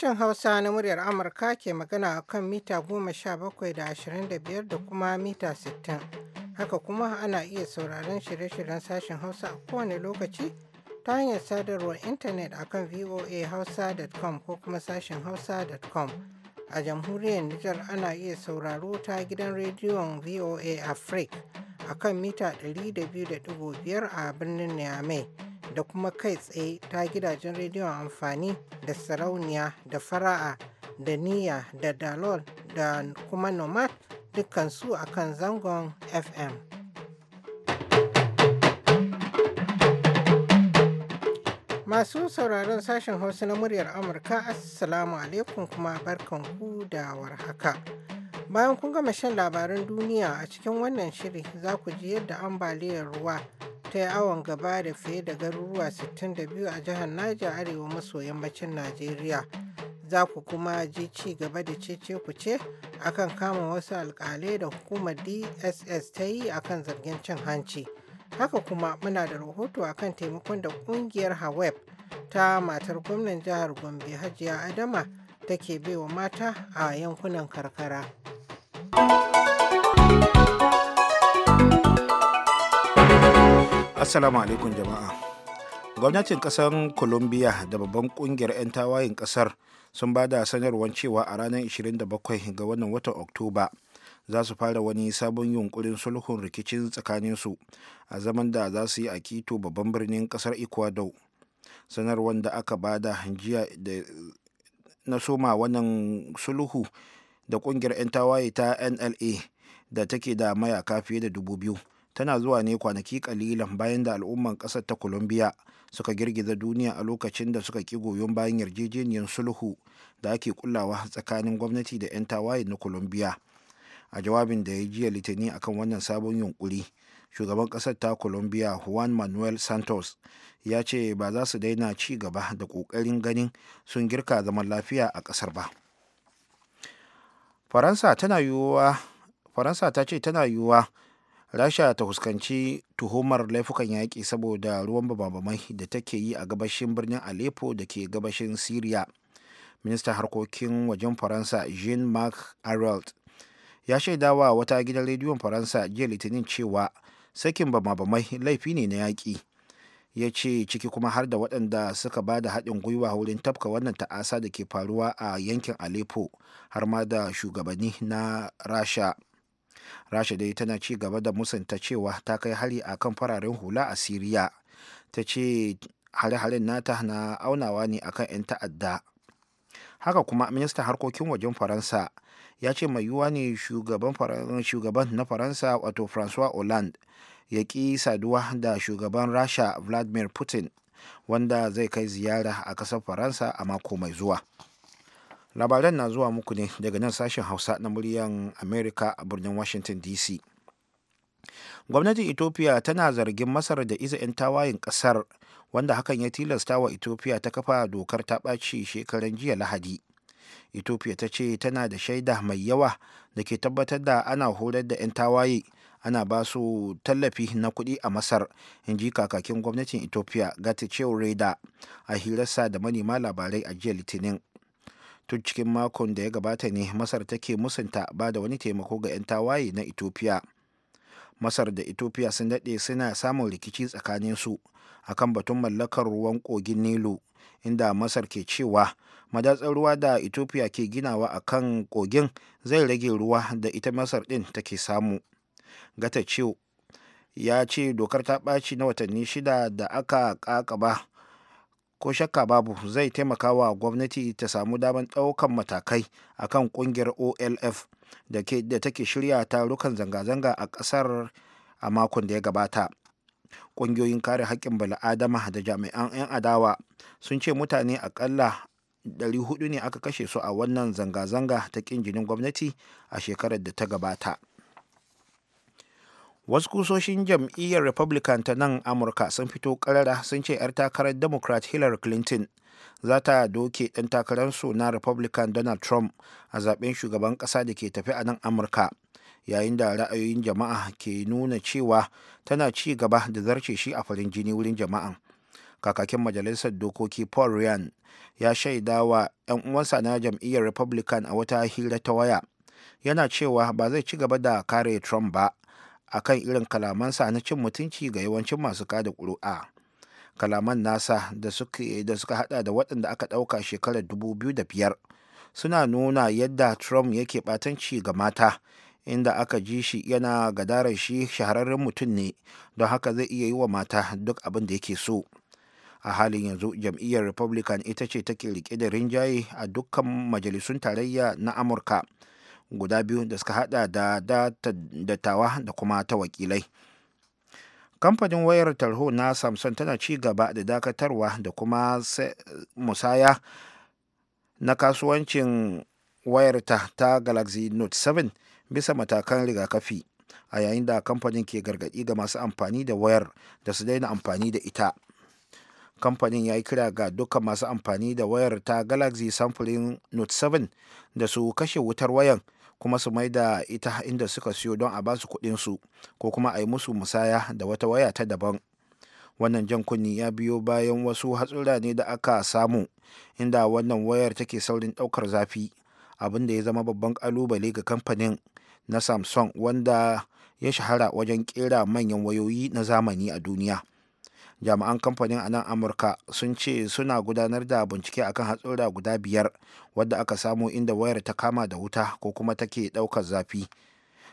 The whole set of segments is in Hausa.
Sashen Hausa na muryar Amurka ke magana a kan mita goma sha bakwai da ashirin da biyar da kuma mita sittin. Haka kuma ana iya sauraron shirye-shiryen sashen Hausa a kowane lokaci ta hanyar sadarwar intanet a kan voahausa.com ko kuma sashen hausa.com. A jamhuriyar Nijar ana iya sauraro ta gidan rediyon VOA Africa a kan mita 200.5 a birnin Niamey. da kuma kai tsaye ta gidajen rediyon amfani da sarauniya da fara'a da niya da dalol da kuma nomad dukansu a kan zangon fm masu sauraron sashen hausa na muryar amurka assalamu alaikum kuma barkan ku da warhaka bayan kun gama shan labaran duniya a cikin wannan shiri za ku ji yadda ambaliyar ruwa ta yi awon gaba da fiye da garuruwa 62 a jihar Niger arewa maso yammacin Najeriya. Za ku kuma ji ci gaba da cece ku ce akan kama wasu alkalai da hukumar DSS ta yi akan zargin cin hanci. Haka kuma muna da rahoto akan taimakon da kungiyar Haweb ta matar gwamnan jihar Gombe Hajiya Adama take baiwa mata a yankunan karkara. assalamu alaikum jama'a gwamnatin kasar colombia da babban kungiyar 'yan tawayen kasar sun ba da sanarwar cewa a ranar 27 ga wannan watan oktoba za su fara wani sabon yunkurin sulhun rikicin tsakaninsu a zaman da za su yi a kito babban birnin kasar ecuador sanarwar da aka ba da jiya na soma wannan sulhu da kungiyar 'yan tawaye ta nla da take da mayaka fiye da dubu biyu tana zuwa ne kwanaki kalilan bayan da al'umman ƙasar ta colombia suka girgiza duniya a lokacin da suka ki goyon bayan yarjejeniyar sulhu da ake kullawa tsakanin gwamnati da 'yan tawaye na colombia a jawabin da ya jiya litinin akan wannan sabon yunkuri shugaban ƙasar ta colombia juan manuel santos ya ce ba za su daina ci gaba da kokarin ganin sun girka zaman lafiya a kasar ba faransa ta ce tana yiwuwa rasha ta huskanci tuhumar laifukan yaƙi saboda ruwan babamai da take yi a gabashin birnin aleppo da ke gabashin syria ministan harkokin wajen faransa jean marc arald ya shaidawa wata gidan rediyon faransa jiya litinin cewa sakin babamai laifi ne na yaƙi ya ce ciki kuma har da waɗanda suka ba da haɗin gwiwa wurin tafka wannan ta'asa da ke faruwa a yankin aleppo har ma da shugabanni na rasha rasha dai tana ci gaba da musanta cewa ta kai hari a kan fararen hula a siriya ta ce hare-haren nata na aunawa ne akan 'yan ta'adda haka kuma ministan harkokin wajen faransa ya ce mai yiwuwa ne shugaban na faransa wato francois hollande ya ƙi saduwa da shugaban rasha vladimir putin wanda zai kai ziyara a ƙasar faransa a mako mai zuwa labaran na zuwa muku ne daga nan sashen hausa na muryan amerika a birnin washington dc gwamnatin ethiopia tana zargin masar da iza 'yan tawayin kasar wanda hakan ya tilasta wa ethiopia ta kafa dokar ta ɓaci shekaran jiya lahadi ethiopia ta ce tana da shaida mai yawa da ke tabbatar da ana horar da 'yan tawaye ana ba su tallafi na kuɗi a masar in ji kakakin gwamnatin ethiopia gata reda a hirarsa da manema labarai a jiya litinin tun cikin makon da ya gabata ne masar take musanta ba da wani taimako ga 'yan tawaye na ethiopia masar da ethiopia sun daɗe suna samun rikici tsakaninsu akan batun mallakar ruwan kogin nilu inda masar ke cewa madatsar ruwa da ethiopia ke ginawa a kan kogin zai rage ruwa da ita masar ɗin take samu gata ya ce dokar ta ɓaci na watanni shida da aka ƙaƙaba ko shakka babu zai taimaka wa gwamnati ta samu damar ɗaukan matakai akan kungiyar olf da take shirya tarukan zanga-zanga a ƙasar a makon da ya gabata ƙungiyoyin kare haƙƙin bala'adama da jami'an 'yan adawa sun ce mutane aƙalla 400 ne aka kashe su a wannan zanga-zanga ta ƙin jinin gwamnati a shekarar da ta gabata. wasu kusoshin jam'iyyar republican ta nan amurka sun fito karara sun ce 'yar takarar democrat hillary clinton za ta doke ɗan takararsu na republican donald trump a zaben shugaban ƙasa da ke tafi a nan amurka yayin da ra'ayoyin jama'a ke nuna cewa tana ci gaba da zarce shi a farin jini wurin jama'a kakakin majalisar dokoki paul ryan ya shaidawa 'yan uwansa na jam'iyyar republican a wata hira ta waya yana cewa ba zai ci gaba da kare trump ba a kan irin kalamansa na cin mutunci ga yawancin masu kada ƙuri'a kalaman nasa da suka hada da waɗanda aka ɗauka shekarar 2005 suna nuna yadda trump yake ɓatanci ga mata inda aka ji shi yana gadarar shi shahararren mutum ne don haka zai iya yi wa mata duk abin da yake so a halin yanzu jam'iyyar republican ita ce take rike da rinjaye a dukkan majalisun tarayya na amurka guda biyu da suka hada da dattawa da kuma ta wakilai kamfanin wayar tarho na samson tana ci gaba da dakatarwa da kuma musaya na kasuwancin wayarta ta galaxy note 7 bisa matakan rigakafi a yayin da kamfanin ke gargadi ga masu amfani da wayar da su daina amfani da ita kamfanin ya yi kira ga dukkan masu amfani da wayar ta galaxy samfurin note 7 da su kashe wutar wayan kuma su mai da ita inda suka siyo don a ba su kudinsu ko kuma a yi musu musaya da wata waya ta daban wannan jan kunni ya biyo bayan wasu hatsura ne da aka samu inda wannan wayar take saurin daukar zafi abin da ya zama babban kalubale ga kamfanin na samsung wanda ya shahara wajen kera manyan wayoyi na zamani a duniya jami'an kamfanin a nan amurka sun ce suna gudanar da bincike akan hatsura guda biyar wadda aka samu inda wayar ta kama da wuta ko kuma take ɗaukar zafi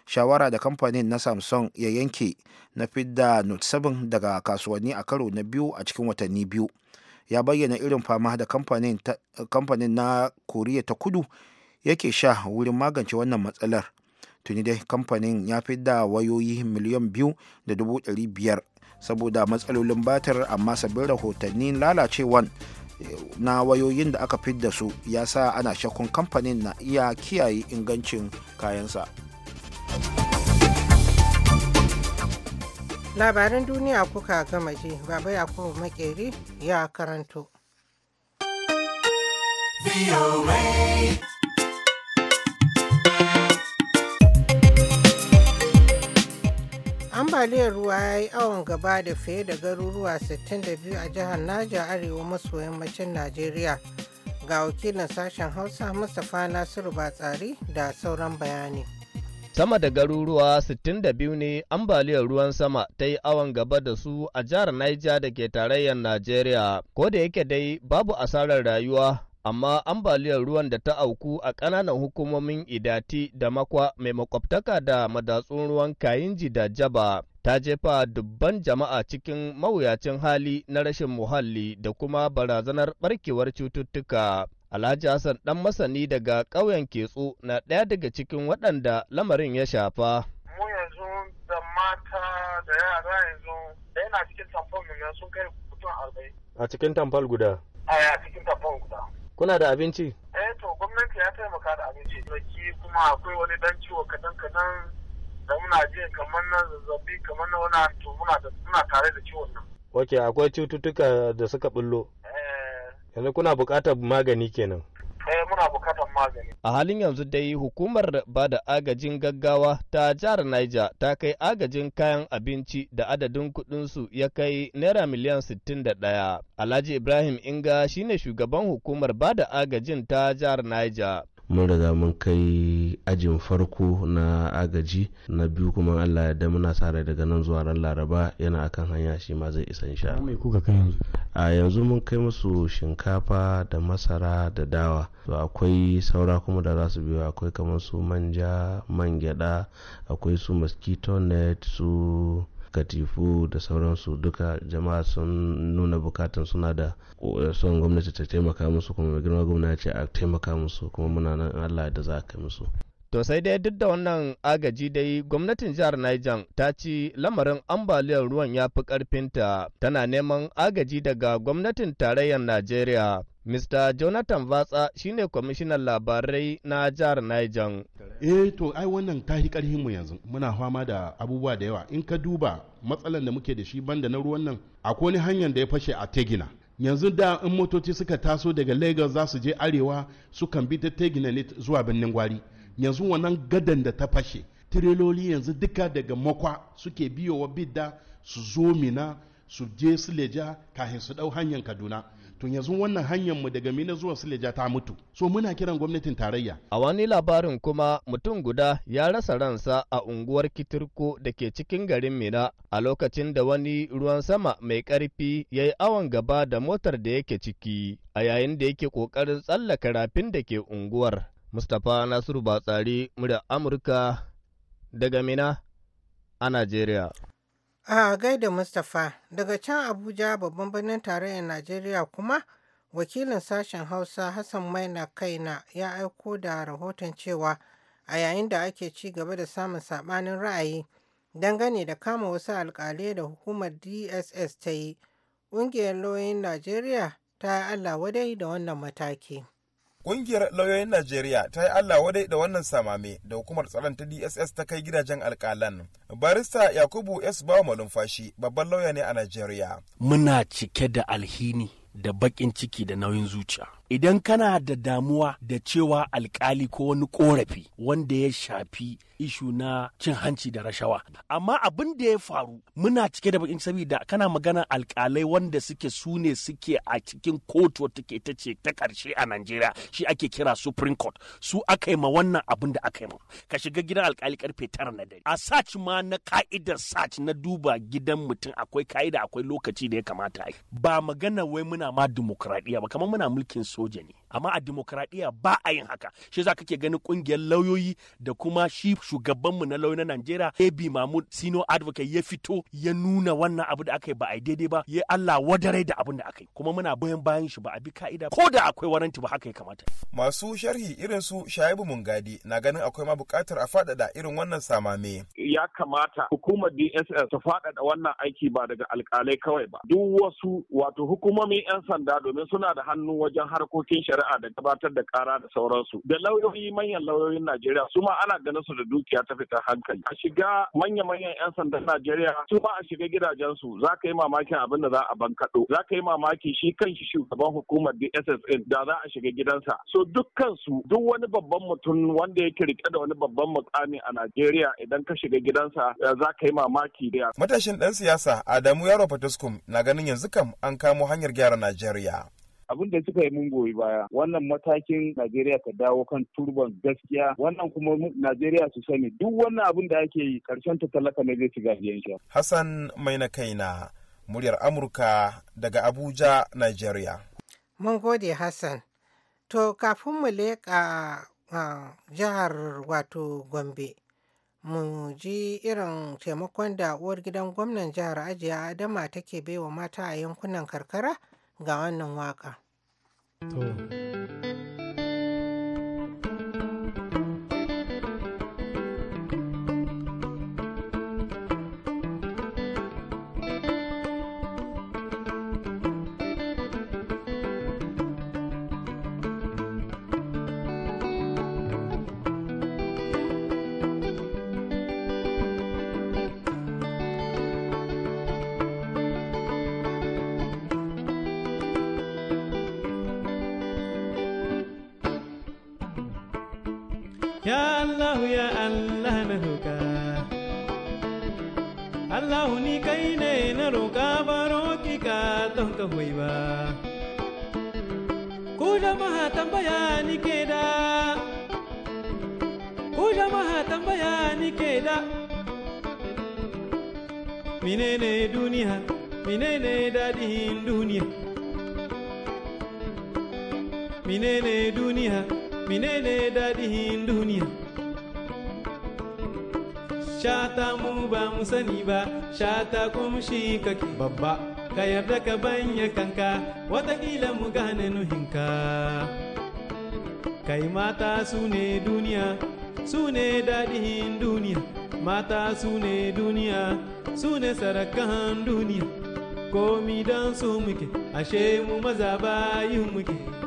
shawara da kamfanin na samsung ya yanke na fidda note 7 daga kasuwanni a karo na biyu a cikin watanni biyu ya bayyana irin fama da kamfanin na koriya ta kudu yake sha wurin magance wannan matsalar tuni dai kamfanin ya fidda wayoyi miliyan biyu da dubu biyar saboda matsalolin batir amma sabbin rahotannin lalacewan na wayoyin da aka fidda su ya sa ana shakkun kamfanin na iya kiyaye ingancin kayansa labaran duniya kuka gama ji baba kuma makeri ya karanto ambaliyar ruwa ya yi awon gaba da fiye da garuruwa 62 a jihar Naja arewa maso yammacin Najeriya ga wakilin sashen Hausa Mustapha Nasiru Batsari da sauran bayani. Sama da garuruwa 62 ne ambaliyar ruwan sama ta yi awon gaba da su a jihar Niger da ke tarayyar Najeriya, ko da yake dai babu asarar rayuwa amma ambaliyar ruwan da ta auku a ƙananan hukumomin idati da makwa mai makwabtaka da madatsun ruwan kayinji da jaba ta jefa dubban jama'a cikin mawuyacin hali na rashin muhalli da kuma barazanar barkewar cututtuka. Alhaji Hassan dan masani daga ƙauyen Ketsu na ɗaya daga cikin waɗanda lamarin ya shafa. Mu yanzu da mata da yara yanzu da yana cikin tamfol sun kai mutum arba'in. A cikin tamfol guda? A cikin tamfol guda. kuna da abinci eh to gwamnati ya taimaka da abinci ki kuma akwai wani dan ciwo kadan kadan da muna ji kamar na zazzabi kamar na wani to muna da tare da ciwon nan ok akwai cututtuka da suka bullo eh. yanzu kuna buƙatar magani kenan magani. A halin yanzu dai hukumar ba da agajin gaggawa ta jihar Niger ta kai agajin kayan abinci da adadin kuɗinsu ya kai naira miliyan 61. Alhaji Ibrahim Inga shine shugaban hukumar ba da agajin ta jihar Niger. mun riga mun kai ajin farko na agaji na biyu kuma allah ya da muna sa daga nan zuwa ran laraba yana akan hanya shi ma zai isa insha a yanzu mun kai musu shinkafa da masara da dawa to akwai saura kuma da za su biyo akwai kamar su manja man gyada akwai su mosquito net su katifu da sauransu duka jama'a sun nuna bukatan suna da son gwamnati ta taimaka musu kuma mai girma gwamnati a taimaka musu kuma muna nan allah da za a kai musu To sai dai duk da wannan agaji dai gwamnatin jihar Niger ta ci lamarin ambaliyar ruwan ya fi ƙarfinta tana neman agaji daga gwamnatin tarayyar Najeriya. Mr. Jonathan Vatsa shine kwamishinan labarai na jihar Niger. Eh to ai wannan ta yi ƙarfin mu yanzu muna fama da abubuwa da yawa in ka duba matsalan da muke da shi banda na ruwan nan akwai wani hanyar da ya fashe a Tegina. yanzu da in motoci suka taso daga lagos za su je arewa sukan bi ta tegina ne zuwa birnin gwari yanzu wannan gadan da ta fashe tireloli yanzu duka daga makwa suke biyowa bidda su zo mina su je sileja kafin su dau hanyar kaduna to yanzu wannan hanyar mu daga mina zuwa sileja ta mutu so muna kiran gwamnatin tarayya a wani labarin kuma mutum guda ya rasa ransa a unguwar kitirko da ke cikin garin mina a lokacin da wani ruwan sama mai karfi ya yi awon gaba da motar da yake ciki a yayin da yake kokarin tsallaka rafin da ke unguwar Mustapha Nasiru Batsari murya Amurka daga Mina a Najeriya. A gaida Mustapha daga can Abuja babban birnin tarayyar Najeriya kuma wakilin sashen Hausa Hassan Maina Kaina ya aiko da rahoton cewa a yayin da ake ci gaba da samun saɓanin ra'ayi dangane da kama wasu alkalai da hukumar DSS ta yi, ƙungiyar lauyoyin Najeriya ta yi Allah wadai da wannan mataki. Ƙungiyar lauyoyin Najeriya ta yi Allah wadai da wannan samame da hukumar tsaron ta DSS ta kai gidajen alƙalan. Barista Yakubu S. Bawa Malumfashi babban lauya ne a Najeriya. Muna cike da alhini da baƙin ciki da nauyin zuciya. idan kana da damuwa da cewa alkali ko wani korafi wanda ya shafi ishu na cin hanci da rashawa amma abin da ya faru muna cike da bakin saboda kana magana alkalai wanda suke sune suke a cikin kotu take ta ce ta karshe a Najeriya shi ake kira Supreme Court su aka yi ma wannan abin da aka yi ma ka shiga gidan alkali karfe tara na dare a sach ma na ka'idar sach na duba gidan mutum akwai ka'ida akwai lokaci da ya kamata ba magana wai muna ma dimokuraɗiyya ba kamar muna mulkin su. soja ne amma a demokradiyya ba a yin haka shi za kake ganin kungiyar lauyoyi da kuma shi shugabanmu na lauyoyi na Najeriya AB Mahmud Sino Advocate ya fito ya nuna wannan abu da aka yi ba a daidai ba ya Allah wadarai da abin da aka yi kuma muna bayan bayan shi ba a bi ka'ida ko da akwai waranti ba haka ya kamata masu sharhi irin su Shaibu gadi na ganin akwai ma bukatar a faɗaɗa irin wannan samame ya kamata hukumar DSS ta faɗaɗa wannan aiki ba daga alkalai kawai ba duk wasu wato hukumomin 'yan sanda domin suna da hannu wajen har harkokin shari'a da gabatar da kara da sauransu da lauyoyi manyan lauyoyin Najeriya su ma ana ganin su da dukiya ta fitar hankali a shiga manya-manyan 'yan sandan Najeriya su ma a shiga gidajensu za ka yi mamakin abin da za a bankaɗo za ka yi mamaki shi kan shi shugaban hukumar DSSN da za a shiga gidansa so dukkan su duk wani babban mutum wanda yake rike da wani babban mukami a Najeriya idan ka shiga gidansa eh, za ka yi mamaki da matashin ɗan siyasa Adamu Yaro Fataskum na ganin yanzu kam an kamo hanyar gyara Najeriya abin da suka yi mun goyi baya wannan matakin najeriya ta dawo kan turban gaskiya wannan kuma najeriya su sani duk wannan abin da ake yi karshen ta talaka ne zai ci gajiyan shi hassan mai na kaina muryar amurka daga abuja Najeriya. mun gode hassan to kafin mu leƙa jihar wato gombe mu ji irin taimakon da uwar gidan gwamnan jihar ajiya adama take baiwa mata a yankunan karkara ga wannan waƙa. Ya alahu ya Allah na roƙa Allah ni kai ne na roƙa baro ki ka don ka hoyi ba Ku jama'a ni ke da Ku jama'a ni ke da duniya duniya duniya menene daɗin duniya shata mu ba mu sani ba shata kuma shi kake babba ka yarda ka banya kanka watakila mu gane nuhinka kai mata su ne duniya su ne daɗin duniya mata su ne duniya su ne sarakan duniya komi don su muke ashe mu maza yi muke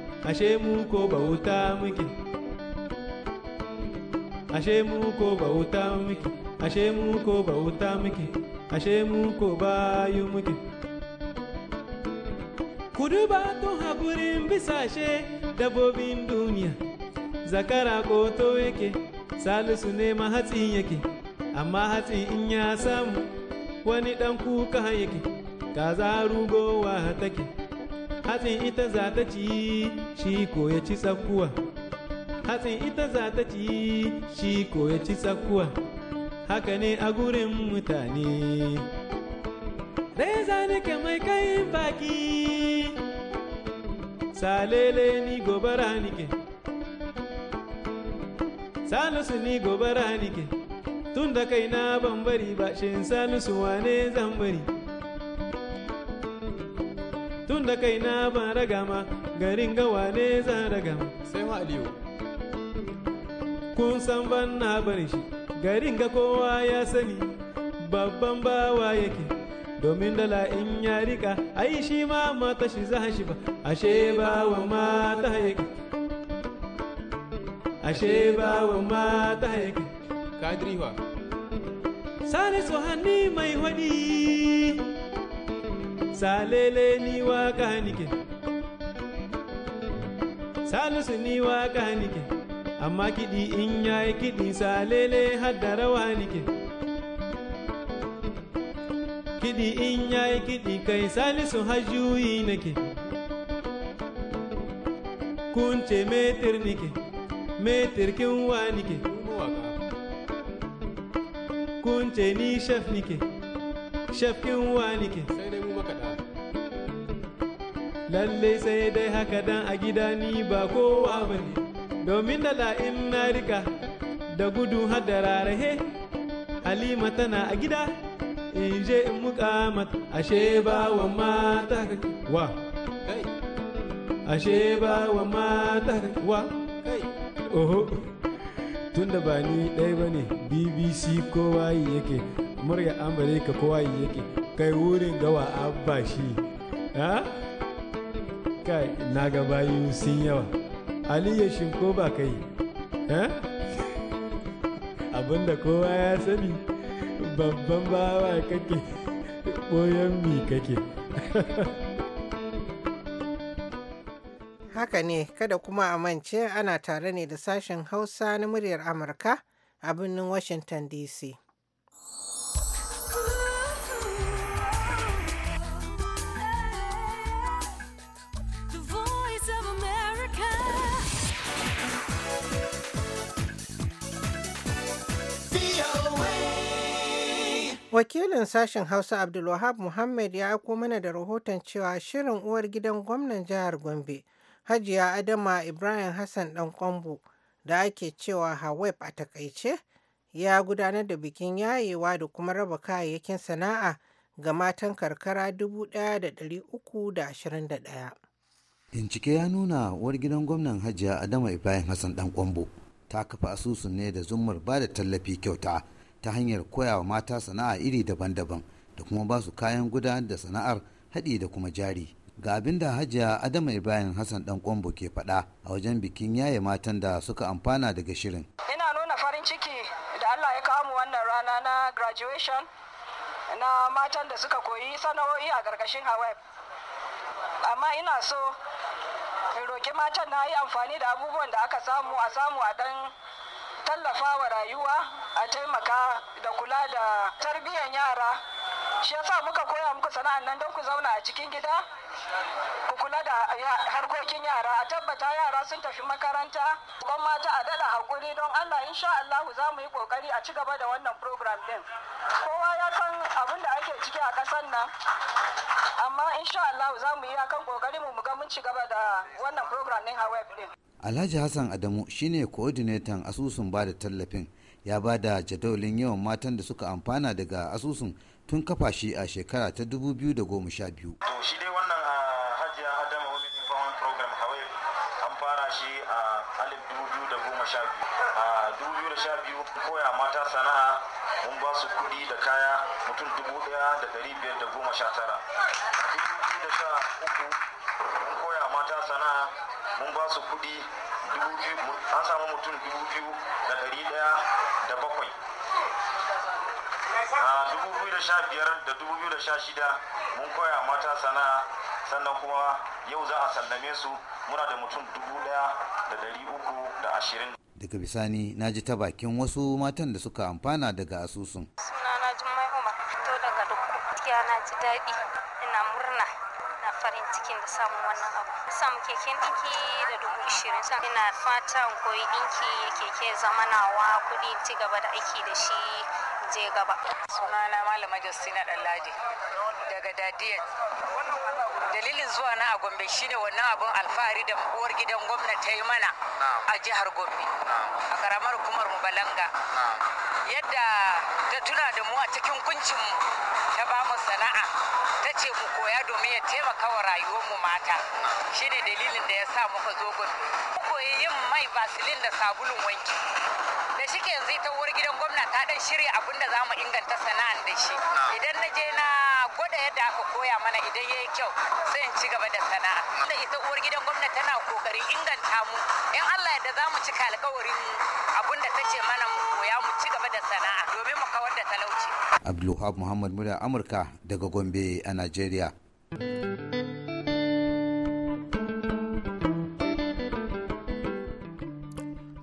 ashe mu ko bauta muke ashe mu ko bauta muke ashe mu ko bauta muke ashe mu ko bayu muke kudu ba tun bisa bisashe dabobin duniya zakara to yake salisu ne ma hatsi yake amma hatsi in ya samu wani ɗan kuka yake Ka kaza rugowa take hatsi ita za ta ci shi ko ya ci tsakuwa hatsin ita za ta ci shi ko ya ci tsakuwa haka ne a gurin mutane mai kayin baki salele ni gobara nike Salusu ni gobara nike tun da kai na bambari ba shin salisu wane zambari bari tun da kaina ba ragama garin gawa ne za ragama sai ma aliyu kun san ban na bar shi garin ga kowa ya sani babban bawa yake domin dala in ya rika ai shi ma mata shi za shi ba ashe bawa mata yake ashe bawa mata yake kadriwa sare so hanni mai hodi salele ni waka nike salisu ni waka nike amma kiɗi in yayi kiɗi salele hadda rawa nike kiɗi in yayi kiɗi kai salisu hajjuyi nake kunce metir nike metir kin wa nike kunce ni chef nike shef kin wa nike lallai sai dai haka dan a gida ni ba kowa ba ne domin da la'in na rika da gudu har da rarahe halima tana a gida in je in muka ashe ba wa mata wa ashe ba wa mata wa oho da ba ni ɗaya ba ne bbc kowa yi yake murya amurka kowa yi yake kai wurin gawa abashi shi ha kai na ga bayu sun yawa aliyu shinko ba kai abinda kowa ya sani babban bawa kake boyan mi kake haka ne kada kuma a mance ana tare ne da sashen hausa na muryar amurka a birnin washington dc Wakilin sashen Hausa Abdulwahab Muhammad ya aiko mana da rahoton cewa shirin uwar gidan gwamnan jihar Gombe, Hajiya Adama Ibrahim Hassan Dan Kwambo da ake cewa Haweb a takaice, ya gudanar da bikin yayewa da kuma raba kayayyakin sana'a ga matan karkara 1,321. Bincike ya nuna uwar gidan gwamnan Hajiya Adama Ibrahim Hassan Dan Kwambo ta kafa asusun ne da zumar ba da tallafi kyauta ta hanyar koya wa mata sana'a iri daban-daban da kuma ba su kayan gudanar da sana'ar haɗi da kuma jari ga abin da hajiya adama ibrahim hassan dan kwambo ke faɗa a wajen bikin yaye matan da suka amfana daga shirin ina nuna farin ciki da allah ya kawo mu wannan rana na graduation na matan da suka koyi sana'o'i a ƙarƙashin hawaii amma ina so in roƙi matan na yi amfani da abubuwan da aka samu a samu a dan tallafawa rayuwa a taimaka da kula da tarbiyyar yara shi yasa muka koya muku sana'an nan don ku zauna a cikin gida ku kula da harkokin yara a tabbata yara sun tafi makaranta ko mata a dada hakuri don Allah insha Allah za mu yi kokari a ci gaba da wannan program din kowa ya san abin da ake ciki a ƙasar nan amma insha Allah za mu yi akan kokari mu ga mun ci gaba da wannan program din Haweb din Alhaji Hassan Adamu shine coordinator asusun ba da tallafin ya ba da jadawalin yawan matan da suka amfana daga asusun tun kafa shi a shekara ta 2012. mutum dubu biyu da ɗari ɗaya da bakwai a dubu biyu da sha biyar da dubu biyu da sha shida mun koya mata sana'a sannan kuma yau za a sallame su muna da mutum dubu ɗaya da ɗari uku da ashirin daga bisani na ji ta bakin wasu matan da suka amfana daga asusun sunana jummai umar to daga dukku gaskiya na ji daɗi farin cikin da samun wannan abu samu keken ɗinki da dubu ishirin sa ina fatan koyi ɗinki keke zamanawa kuɗi ci gaba da aiki da shi je gaba sunana malama justina ɗanladi daga dadiyan dalilin zuwa na a gombe shine wannan abun alfahari da uwar gidan gwamna ta yi mana a jihar gombe a karamar hukumar mu balanga yadda ta tuna da mu a cikin kuncin ta ba mu sana'a ta ce mu koya domin ya taimaka wa rayuwar mu mata shine dalilin da ya sa muka zo gombe koyi yin mai basilin da sabulun wanki da shi ke yanzu ita uwar gidan gwamna ta dan shirya abin da za mu inganta sana'an da shi idan na je na gwada yadda aka koya mana idan ya yi kyau sai in ci gaba da sana'a da ita uwar gidan gwamna tana kokarin inganta mu in allah yadda za mu cika alkawarin abin da ta ce mana mu mu ci gaba da sana'a domin mu kawar da talauci. Abdulwahab Muhammad Murya Amurka daga Gombe a Najeriya.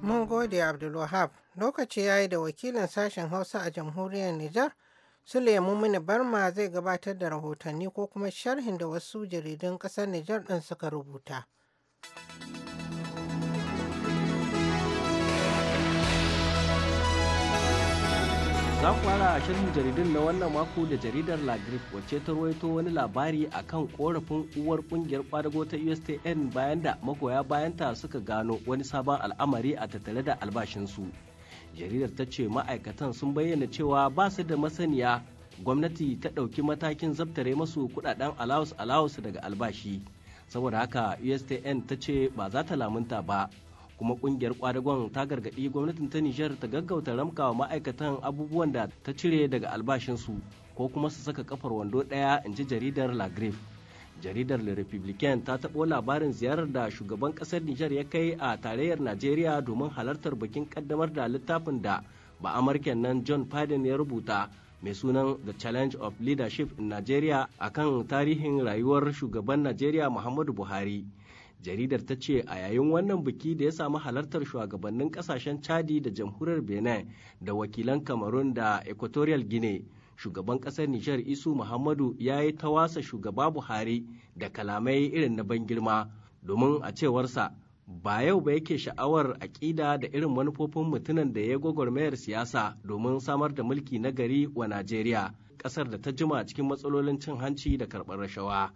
Mun gode Abdulwahab lokaci ya yi da wakilin sashen Hausa a jamhuriyar Nijar. Suleiman Mini Barma zai gabatar da rahotanni ko kuma sharhin da wasu jaridun ƙasar Nijar ɗin suka rubuta. Za ku fara shirin jaridun na wannan mako da jaridar La Grif wacce ta ruwaito wani labari a kan korafin uwar kungiyar kwadago ta USTN bayan da magoya bayanta suka gano wani sabon al'amari a tattale da albashinsu. Jaridar ta ce ma'aikatan sun bayyana cewa ba su da masaniya gwamnati ta ɗauki matakin zabtare masu kudaden alawus alawus daga albashi. Saboda haka USTN ta ce ba za ta lamunta ba. kuma kungiyar kwadagon ta gargaɗi gwamnatin ta nijar ta gaggauta ramkawa ma'aikatan abubuwan da ta cire daga albashinsu ko kuma su saka kafar wando ɗaya in ji jaridar la jaridar le republican ta taɓo labarin ziyarar da shugaban ƙasar nijar ya kai a tarayyar najeriya domin halartar bikin ƙaddamar da littafin da ba nan john Biden ya rubuta mai sunan The Challenge of Leadership in Nigeria akan tarihin rayuwar shugaban Najeriya Muhammadu Buhari. jaridar ta ce a yayin wannan biki da ya samu halartar shugabannin kasashen chadi da jamhuriyar benin da wakilan cameroon da equatorial guinea shugaban kasar nijar isu muhammadu ya yi ta wasa shugaba buhari da kalamai irin na ban girma domin a cewarsa ba yau ba yake sha'awar aƙida da irin manufofin mutumin da ya gwagwarmayar siyasa domin samar da mulki na gari wa najeriya ƙasar da ta jima cikin matsalolin cin hanci da karɓar rashawa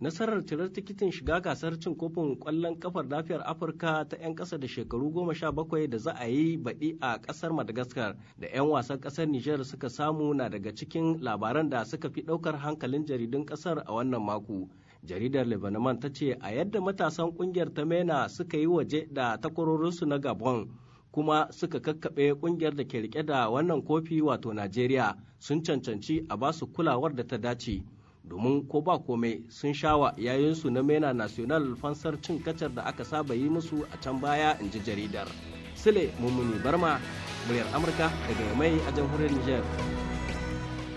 nasarar cirar tikitin shiga gasar cin kofin kwallon kafar lafiyar afirka ta 'yan ƙasa da shekaru goma sha bakwai da za a yi baɗi a ƙasar madagaskar da 'yan wasan ƙasar niger suka samu na daga cikin labaran da suka fi ɗaukar hankalin jaridun ƙasar a wannan mako jaridar lebanon ta ce a yadda matasan ƙungiyar ta mena suka yi waje da takwarorinsu na gabon kuma suka kakkaɓe ƙungiyar da ke rike da wannan kofi wato najeriya sun cancanci a basu kulawar da ta dace domin ko ba komai sun sha shawa yayinsu na mena national fansar cin kacar da aka saba yi musu a can baya in ji jaridar sile mummuni barma muryar amurka daga mai a jamhuriyar niger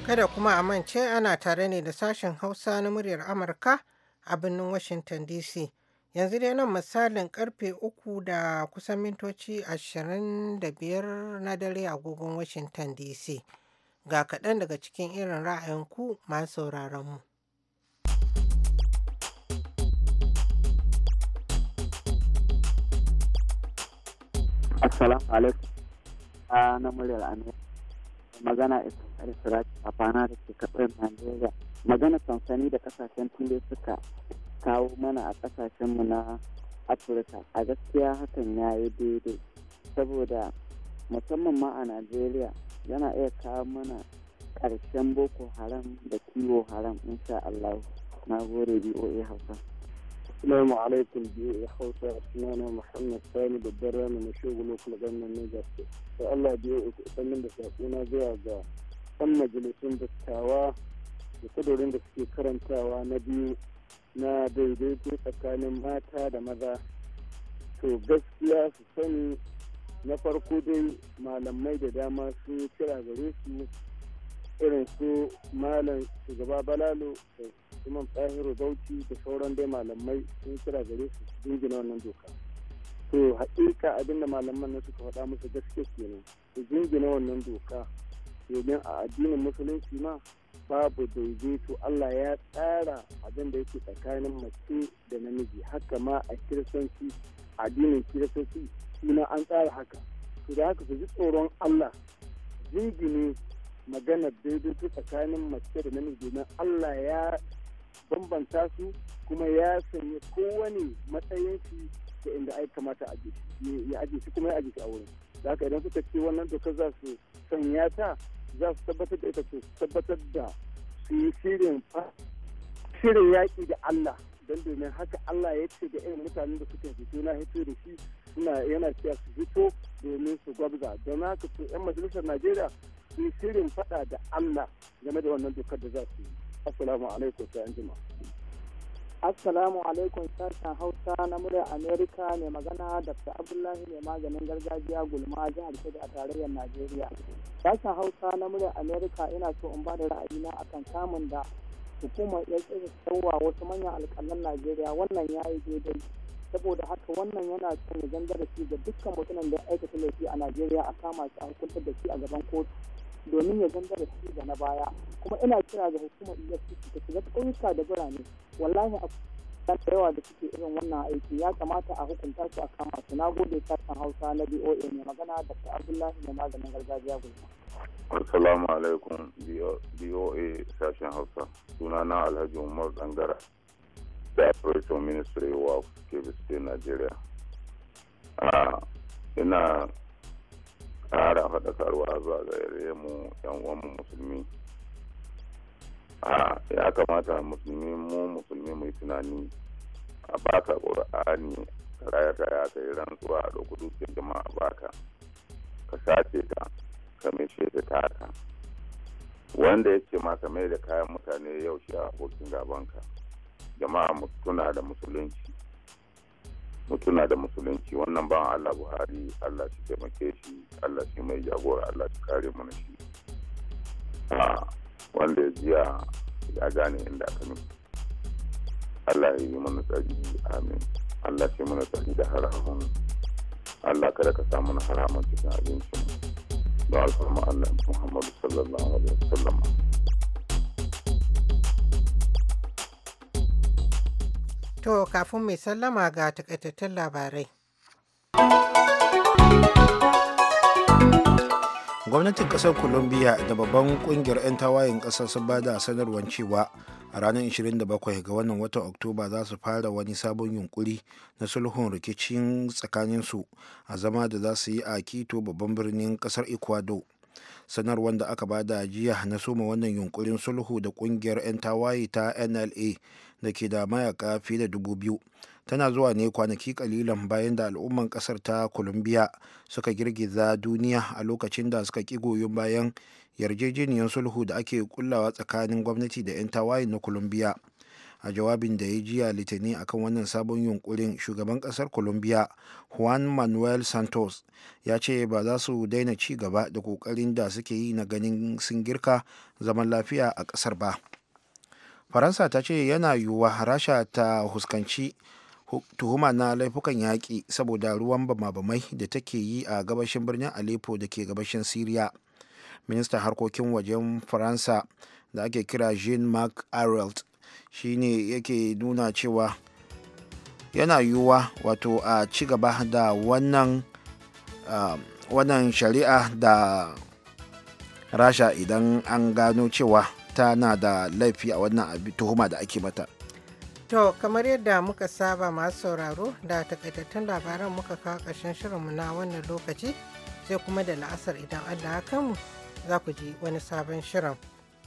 kada kuma a mance ana tare ne da sashen hausa na muryar amurka a birnin washington dc yanzu dai nan misalin karfe uku da kusan mintoci 25 na dare a agogon washington dc Ga kaɗan daga cikin irin ra'ayin ku masu sauraron mu. Assalamu alaikum. A na muryar Magana a fana da ke kaɓar Najeriya. Magana sansani da kasashen Tunde suka kawo mana a kasashenmu na Afirka. A gaskiya hakan ya yi daidai. Saboda musamman ma a Najeriya yana iya kawo mana ƙarshen boko haram da kiwo haram insha Allah na gore BOA Hausa. Assalamu alaikum BOA Hausa sunana Muhammad Sani babban rana na shugulu lokacin gannan na gaske. To Allah BOA ku sannin da sakuna zuwa ga kan majalisun dattawa da kudurin da suke karantawa na biyu na daidaito tsakanin mata da maza. To gaskiya su sani na farko dai malamai da dama sun kira gare su irin su malam shugaba balalo da imam tsahiru bauchi da sauran dai malamai sun kira gare su dingina wannan doka to haƙiƙa abinda malaman na suka faɗa musu gaske kenan su dingina wannan doka domin a addinin musulunci ma babu daidaito Allah ya tsara abinda da yake tsakanin mace da namiji haka ma a kiristanci addinin kiristanci suna an tsara haka to da haka su ji tsoron Allah jingine magana daidaito tsakanin mace da namiji domin Allah ya bambanta su kuma ya sanya kowane matsayin shi da inda ai kamata ya aje shi kuma ya aje shi a wurin da haka idan suka ce wannan doka za su sanya ta za su tabbatar da ita su tabbatar da su yi shirin shirin yaƙi da Allah don domin haka Allah ya ce da irin mutanen da suka fito na hito da shi suna yana cewa su fito domin su gwabza don haka su 'yan majalisar najeriya su shirin faɗa da allah game da wannan dokar da za su yi assalamu alaikum sai an jima assalamu alaikum sashen hausa na murya amerika mai magana dr abdullahi mai maganin gargajiya gulma jihar kudu a tarayyar najeriya sashen hausa na murya amerika ina so in ba da ra'ayina akan samun da hukumar ya tsaye wasu manyan alƙalan najeriya wannan ya yi daidai saboda haka wannan yana sanya shi ga dukkan mutumin da ya aikata laifi a najeriya a kama shi a hukuntar da shi a gaban kotu domin ya shi ga na baya kuma ina kira ga hukumar efcc ta shiga ƙauyuka da birane wallahi a da yawa da suke irin wannan aiki ya kamata a hukunta su a kama su na gode sashen hausa na boa mai magana da ta abdullahi mai maganin gargajiya gulma assalamu alaikum boa sashen hausa sunana alhaji umar dangara the ministry of Kebbi State Nigeria. Ah, ina ƙara faɗakarwa zuwa ga mu yan uwanmu musulmi ah, ya kamata musulmi mu musulmi mu tunani a baka ƙur'ani ka raya ta ya kai rantsuwa a ɗauki dukiyar jama'a baka ka sace ta ka mishe ta taka wanda yake ma ka mai da kayan mutane yau shi a abokin gabanka jama'a mutuna da musulunci mutuna da musulunci wannan bawan Allah Buhari Allah shi taimake shi Allah shi mai jagora Allah shi kare mana shi wanda ya jiya ya gane inda aka nufi Allah ya yi mana tsari amin Allah shi mana tsari da haramun Allah kada ka samu na haramun cikin abincin don alfarma Allah Muhammadu sallallahu alaihi wasallam To kafin mai sallama ga takaitattun labarai. Gwamnatin kasar Colombia da babban kungiyar 'yan tawayen kasar sun ba da sanarwar cewa a ranar 27 ga wannan watan Oktoba za su fara wani sabon yunkuri na sulhun rikicin tsakaninsu a zama da za su yi a Quito babban birnin kasar Ecuador. sanarwar da aka bada jiya na soma wannan yunkurin sulhu da kungiyar 'yan tawaye ta nla da ke da mayaka fiye da dubu biyu tana zuwa ne kwanaki kalilan bayan da al'umman kasar ta colombia suka girgiza duniya a lokacin da suka ki goyon bayan yarjejeniyar sulhu da ake kullawa tsakanin gwamnati da 'yan tawaye na kulumbiya. a jawabin da ya jiya litinin akan wannan sabon yunkurin shugaban kasar colombia juan manuel santos ya ce ba za su daina ci gaba da kokarin da suke yi na ganin sun girka zaman lafiya a kasar ba faransa ta ce yana yiwuwa rasha ta huskanci tuhuma na laifukan yaƙi saboda ruwan bama-bamai da take yi a gabashin birnin aleppo da ke gabashin syria ministan harkokin wajen faransa da ake kira jean marc arelt shine yake nuna cewa yana yiwuwa wato a ci gaba da wannan wannan shari'a da rasha idan an gano cewa tana da laifi a wannan tuhuma da ake mata to kamar yadda muka saba masu sauraro da takaitattun labaran muka kawo ƙarshen shirinmu na wannan lokaci sai kuma da la'asar idan allah kanmu za ku ji wani sabon shirin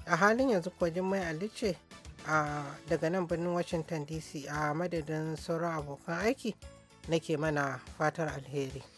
a halin yanzu kwajin mai alice a daga nan birnin washington dc a madadin sauran abokan aiki nake mana fatar alheri